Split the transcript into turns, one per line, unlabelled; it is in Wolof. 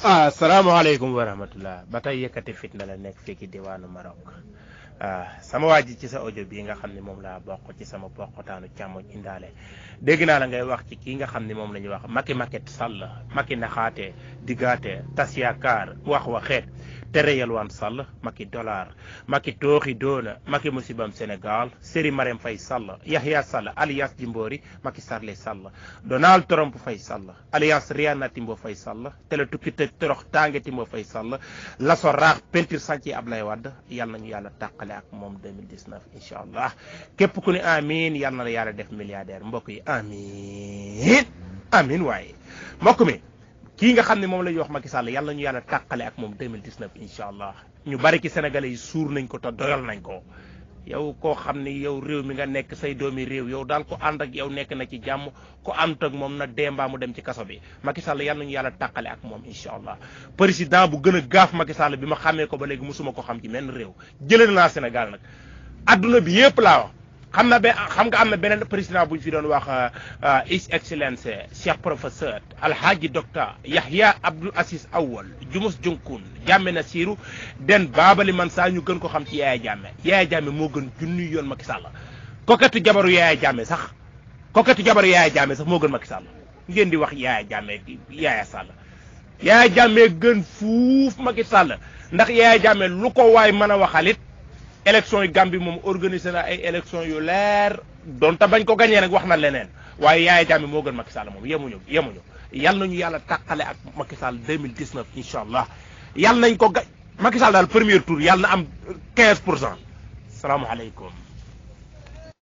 Ah, asalaamaaleykum wa rahmatullah ba tey yëkkati fitna la nekk fii ci diwaanu Maroc ah, sama waa ji ci sa audio bii nga xam ne moom laa bokk ci sama bokkutaanu càmmoñ indaale dégg naa la ngay wax ci kii nga xam ne moom la ñuy wax Macky Macky Sall maki naxaate diggaate tas yaakaar wax waxeet tere yalwaan sàll maki dollar maki tooxi doona maki musibam sénégal séri marem fay sàll yahya sàll alias jimboori maki sarle sàll donald trump fay sàll alias riana timbo fay sàll tele tukki tëj torox tànge timbo fay sàll laso raax pentir sànci ablay wadd yal nañu yàlla tàqale ak moom 2019 incha allah képp ku ne amin yal na la yàlla def milliardaire mbokk yi amin amin waaye mbokk mi kii nga xam ne moom lay ñuy wax Macky Sall yàlla ñu yàlla tàqale ak moom 2019 incha allah ñu bari ci sénégalais yi suur nañ ko te doyal nañ ko yow koo xam ne yow réew mi nga nekk say doomi réew yow daal ko ànd ak yow nekk na ci jàmm ko ànd ak moom na dembaa mu dem ci kaso bi Macky Sall yàlla ñu yàlla tàqale ak moom incha allah président bu gën a gaaf Macky Sall bi ma xamee ko ba léegi musuma ko xam ci menn réew jëlal naa Sénégal nag adduna bi yépp laa wax xam na be xam nga am na beneen président bu ñu fi doon wax euh, his excellence cheikh professeur alhaaji docteur yahya abdou asis awal jumus junkun jàmme na siiru den baabali man saa ñu gën ko xam ci yaaya jàmme yaaya jàmme moo gën junni yoon Macky Sall koketu jabaru yaaya jàmme sax koketu jabaru yaaya jàmme sax moo gën Macky Sall ngeen di wax yaaya jàmme yaaya sàll yaaya jàmme gën fuuf Macky Sall ndax yaaya jàmme lu ko waay mën a waxalit élection yi Gambie moom organisé na ay élection yu leer donte bañ ko gañee nag wax na leneen waaye Yaya Jammeh moo gën Macky Sall moom yemuñu yemuñu yal nañu yàlla tàqale ak Macky Sall 2019 incha allah yal nañ ko ga Macky Sall daal premier tour yal na am 15 pour cent salaamaaleykum